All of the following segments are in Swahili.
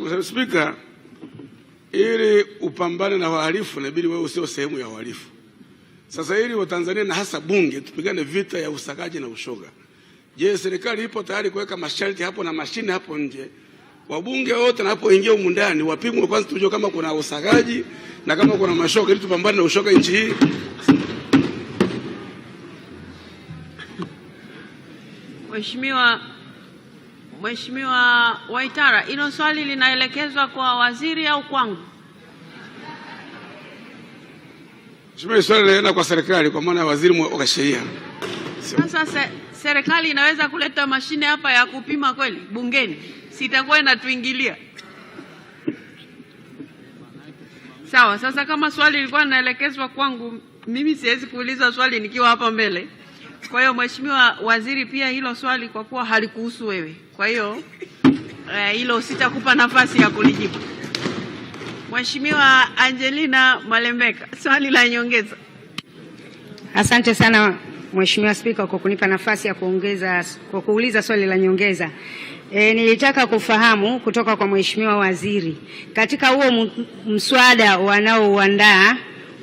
Mheshimiwa Spika, ili upambane na wahalifu inabidi wewe usio sehemu ya wahalifu. Sasa ili Watanzania na hasa bunge tupigane vita ya usagaji na ushoga. Je, serikali ipo tayari kuweka masharti hapo na mashine hapo nje? Wabunge wote wanapoingia humu ndani wapimwe kwanza, tujue kama kuna usagaji na kama kuna mashoga, ili tupambane na ushoga nchi hii. Mheshimiwa Mheshimiwa Waitara, hilo swali linaelekezwa kwa waziri au kwangu? Mheshimiwa, swali linaenda kwa serikali kwa maana ya waziri wa sheria. Sasa se, serikali inaweza kuleta mashine hapa ya kupima kweli bungeni? Sitakuwa inatuingilia. Sawa, sasa kama swali lilikuwa linaelekezwa kwangu, mimi siwezi kuuliza swali nikiwa hapa mbele. Kwa hiyo Mheshimiwa Waziri, pia hilo swali kwa kuwa halikuhusu wewe, kwa hiyo eh, hilo sitakupa nafasi ya kulijibu. Mheshimiwa Angelina Malembeka, swali la nyongeza. Asante sana Mheshimiwa Spika kwa kunipa nafasi ya kuongeza kwa kuuliza swali la nyongeza. E, nilitaka kufahamu kutoka kwa Mheshimiwa Waziri katika huo mswada wanaouandaa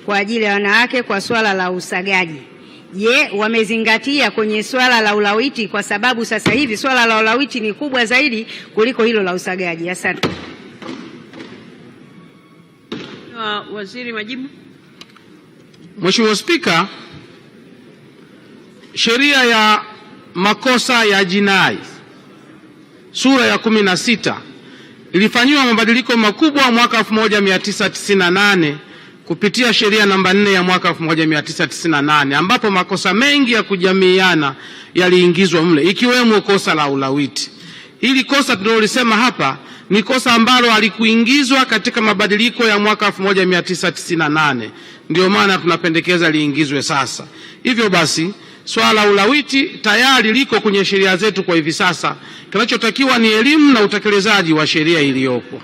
kwa ajili ya wanawake kwa swala la usagaji Je, wamezingatia kwenye swala la ulawiti? Kwa sababu sasa hivi swala la ulawiti ni kubwa zaidi kuliko hilo la usagaji. Asante. Waziri, majibu. Mheshimiwa Spika, sheria ya makosa ya jinai sura ya 16 ilifanyiwa mabadiliko makubwa mwaka 1998 kupitia sheria namba 4 ya mwaka 1998 ambapo makosa mengi ya kujamiiana yaliingizwa mle ikiwemo kosa la ulawiti. Hili kosa tunalolisema hapa ni kosa ambalo halikuingizwa katika mabadiliko ya mwaka 1998, ndio maana tunapendekeza liingizwe sasa. Hivyo basi swala la ulawiti tayari liko kwenye sheria zetu kwa hivi sasa. Kinachotakiwa ni elimu na utekelezaji wa sheria iliyopo.